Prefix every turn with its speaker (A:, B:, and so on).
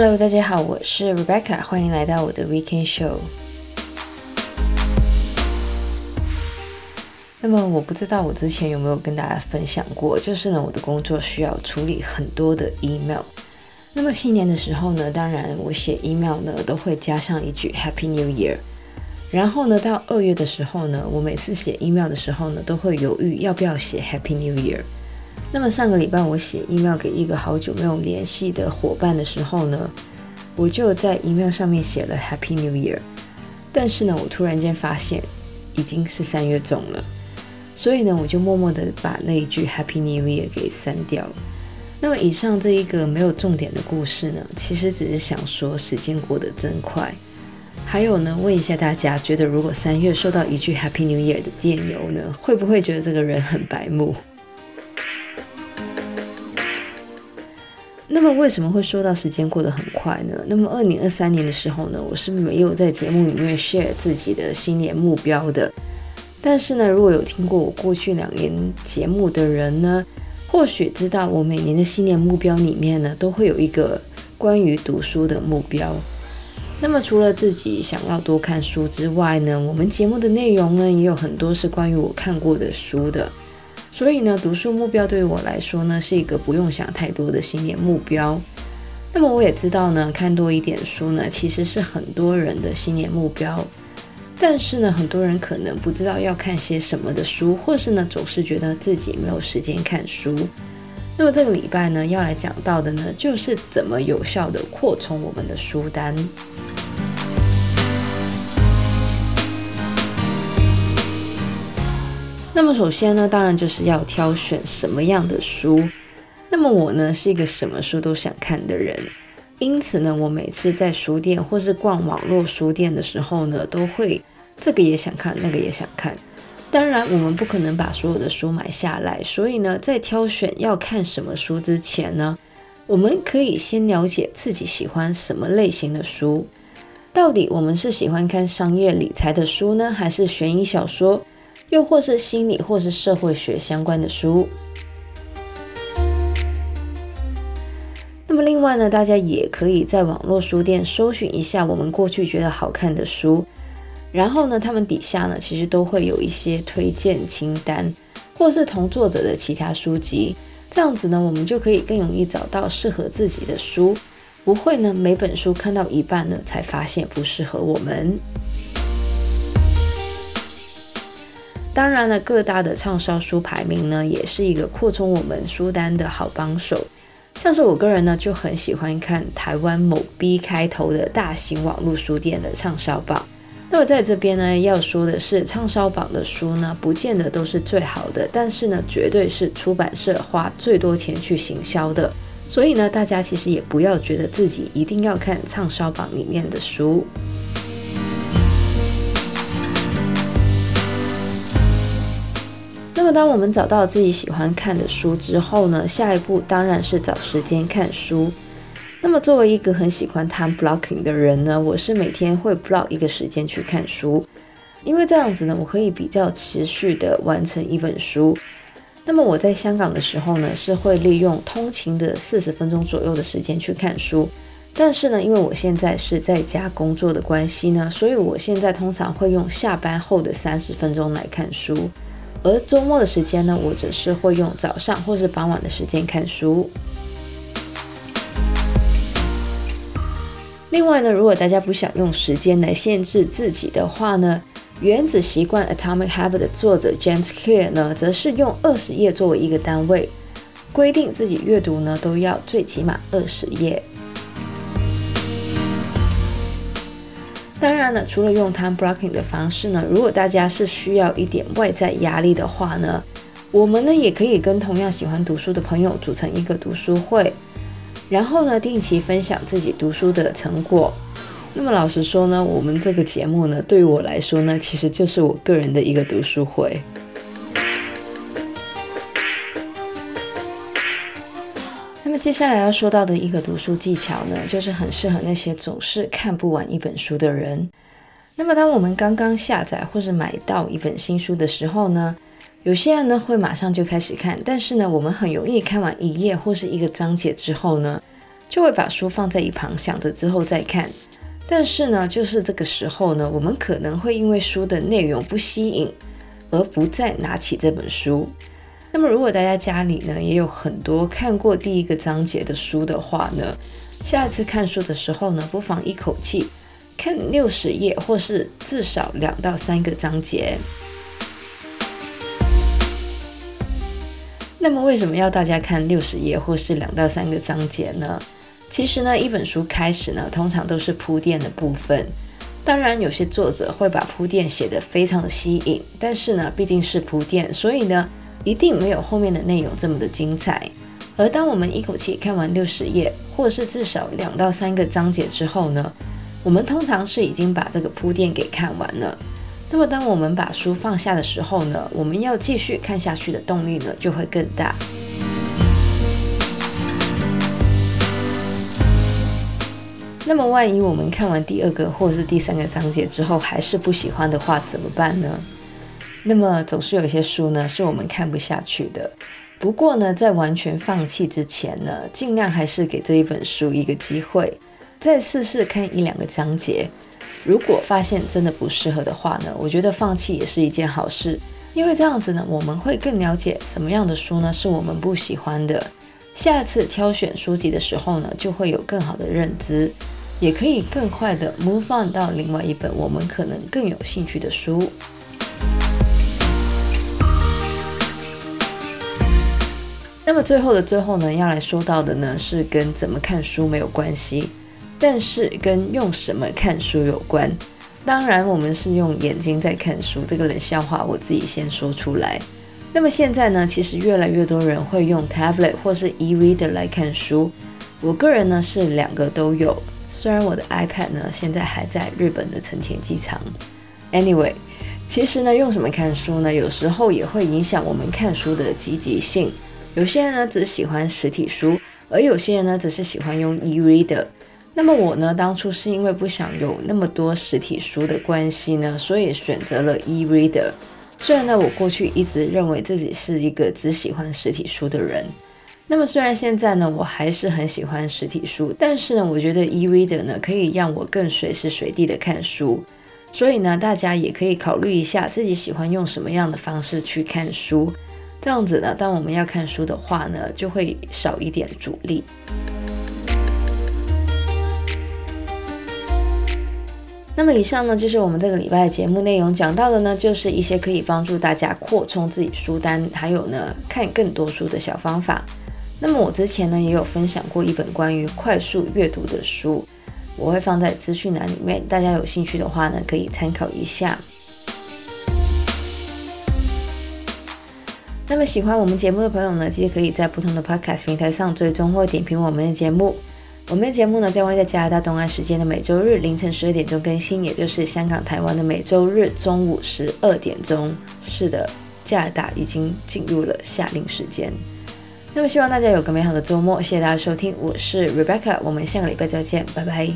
A: Hello，大家好，我是 Rebecca，歡迎來到我的 Weekend Show。那麼我不知道我之前有沒有跟大家分享過，就是呢我的工作需要處理很多的 email。那麼新年的時候呢，當然我寫 email 呢都會加上一句 Happy New Year。然後呢到二月的時候呢，我每次寫 email 的時候呢都會猶豫要不要寫 Happy New Year。那麼上個禮拜我寫 email 給一個好久沒有聯繫的夥伴的時候呢，我就在 email 上面寫了 Happy New Year，但是呢，我突然間發現已經是三月中了，所以呢，我就默默的把那一句 Happy New Year 給刪掉了。那麼以上這一個沒有重點的故事呢，其實只是想說時間過得真快。還有呢，問一下大家，覺得如果三月收到一句 Happy New Year 的電郵呢，會不會覺得這個人很白目？那麼為什麼會說到時間過得很快呢？那麼二零二三年的時候呢，我是沒有在節目裡面 share 自己的新年目標的。但是呢，如果有聽過我過去兩年節目的人呢，或許知道我每年的新年目標裡面呢，都會有一個關於讀書的目標。那麼除了自己想要多看書之外呢，我們節目的內容呢，也有很多是關於我看過的書的。所以呢，讀書目標對於我來說呢，是一個不用想太多的新年目標。那麼我也知道呢，看多一點書呢，其實是很多人的新年目標。但是呢，很多人可能不知道要看些什麼的書，或是呢，總是覺得自己沒有時間看書。那麼這個禮拜呢，要來講到的呢，就是怎麼有效地擴充我們的書單。那麼首先呢，當然就是要挑選什麼樣的書。那麼我呢，是一個什麼書都想看的人，因此呢，我每次在書店或是逛網絡書店的時候呢，都會這個也想看，那個也想看。當然，我們不可能把所有的書買下來，所以呢，在挑選要看什麼書之前呢，我們可以先了解自己喜歡什麼類型的書。到底我們是喜歡看商業理財的書呢，還是懸疑小說？又或是心理或是社會學相關的書。那麼另外呢，大家也可以在網絡書店搜尋一下我們過去覺得好看的書，然後呢，他們底下呢其實都會有一些推薦清單，或是同作者的其他書籍。這樣子呢，我們就可以更容易找到適合自己的書，不會呢每本書看到一半呢才發現不適合我們。當然了，各大的暢銷書排名呢，也是一個擴充我們書單的好幫手。像是我個人呢，就很喜歡看台灣某 B 開頭的大型網絡書店的暢銷榜。那我在這邊呢要說的是，暢銷榜的書呢，不見得都是最好的，但是呢，絕對是出版社花最多錢去行銷的。所以呢，大家其實也不要覺得自己一定要看暢銷榜裡面的書。那麼當我們找到自己喜歡看的書之後呢，下一步當然是找時間看書。那麼作為一個很喜歡 time blocking 的人呢，我是每天會 block 一個時間去看書，因為這樣子呢，我可以比較持續的完成一本書。那麼我在香港的時候呢，是會利用通勤的四十分鐘左右的時間去看書。但是呢，因為我現在是在家工作的關係呢，所以我現在通常會用下班後的三十分鐘來看書。而週末的時間呢，我只是會用早上或是傍晚的時間看書。另外呢，如果大家不想用時間來限制自己的話呢，《原子習慣》（Atomic Habits） 的作者 James Clear 呢，則是用二十頁作為一個單位，規定自己閱讀呢都要最起碼二十頁。當然了，除了用 Time Blocking 的方式呢，如果大家是需要一點外在壓力的話呢，我們呢也可以跟同樣喜歡讀書的朋友組成一個讀書會，然後呢定期分享自己讀書的成果。那麼老實說呢，我們這個節目呢，對於我來說呢，其實就是我個人的一個讀書會。接下來要說到的一個讀書技巧呢，就是很適合那些總是看不完一本書的人。那麼，當我們剛剛下載或是買到一本新書的時候呢，有些人呢會馬上就開始看，但是呢，我們很容易看完一頁或是一個章節之後呢，就會把書放在一旁，想着之後再看。但是呢，就是這個時候呢，我們可能會因為書的內容不吸引，而不再拿起這本書。那麼，如果大家家裡呢也有很多看過第一個章節的書的話呢，下一次看書的時候呢，不妨一口氣看六十頁，或是至少兩到三個章節。那麼，為什麼要大家看六十頁或是兩到三個章節呢？其實呢，一本書開始呢，通常都是鋪墊的部分。當然，有些作者會把鋪墊寫得非常吸引，但是呢，畢竟是鋪墊，所以呢。一定沒有後面的內容這麼的精彩。而當我們一口氣看完六十頁，或是至少兩到三個章節之後呢，我們通常是已經把這個鋪墊給看完了。那麼當我們把書放下的時候呢，我們要繼續看下去的動力呢，就會更大。那麼萬一我們看完第二個或是第三個章節之後還是不喜歡的話，怎麼辦呢？那麼總是有一些書呢，是我們看不下去的。不過呢，在完全放棄之前呢，儘量還是給這一本書一個機會，再試試看一兩個章節。如果發現真的不適合的話呢，我覺得放棄也是一件好事，因為這樣子呢，我們會更了解什麼樣的書呢，是我們不喜歡的。下次挑選書籍的時候呢，就會有更好的認知，也可以更快的 move on 到另外一本我們可能更有興趣的書。那麼最後的最後呢，要來說到的呢是跟怎麼看書沒有關係，但是跟用什麼看書有關。當然，我們是用眼睛在看書，這個冷笑話我自己先說出來。那麼現在呢，其實越來越多人會用 tablet 或是 e-reader 來看書。我個人呢是兩個都有，雖然我的 iPad 呢現在還在日本的成田機場。Anyway，其實呢用什麼看書呢，有時候也會影響我們看書的積極性。有些人呢只喜歡實體書，而有些人呢則是喜歡用 e-reader。那麼我呢，當初是因為不想有那麼多實體書的關係呢，所以選擇了 e-reader。雖然呢，我過去一直認為自己是一個只喜歡實體書的人。那麼雖然現在呢，我還是很喜歡實體書，但是呢，我覺得 e-reader 呢可以讓我更隨時隨地的看書。所以呢，大家也可以考慮一下自己喜歡用什麼樣的方式去看書。這樣子呢，當我們要看書的話呢，就會少一點阻力。那麼以上呢，就是我們這個禮拜的節目內容，講到的呢，就是一些可以幫助大家擴充自己書單，還有呢，看更多書的小方法。那麼我之前呢，也有分享過一本關於快速閱讀的書，我會放在資訊欄裡面，大家有興趣的話呢，可以參考一下。那麼喜歡我們節目的朋友呢，其實可以在不同的 podcast 平台上追蹤或點評我們的節目。我們的節目呢，將會在加拿大東岸時間的每周日凌晨十二點鐘更新，也就是香港、台灣的每周日中午十二點鐘。是的，加拿大已經進入了夏令時間。那麼希望大家有個美好的周末，謝謝大家收聽，我是 Rebecca，我們下個禮拜再見，拜拜。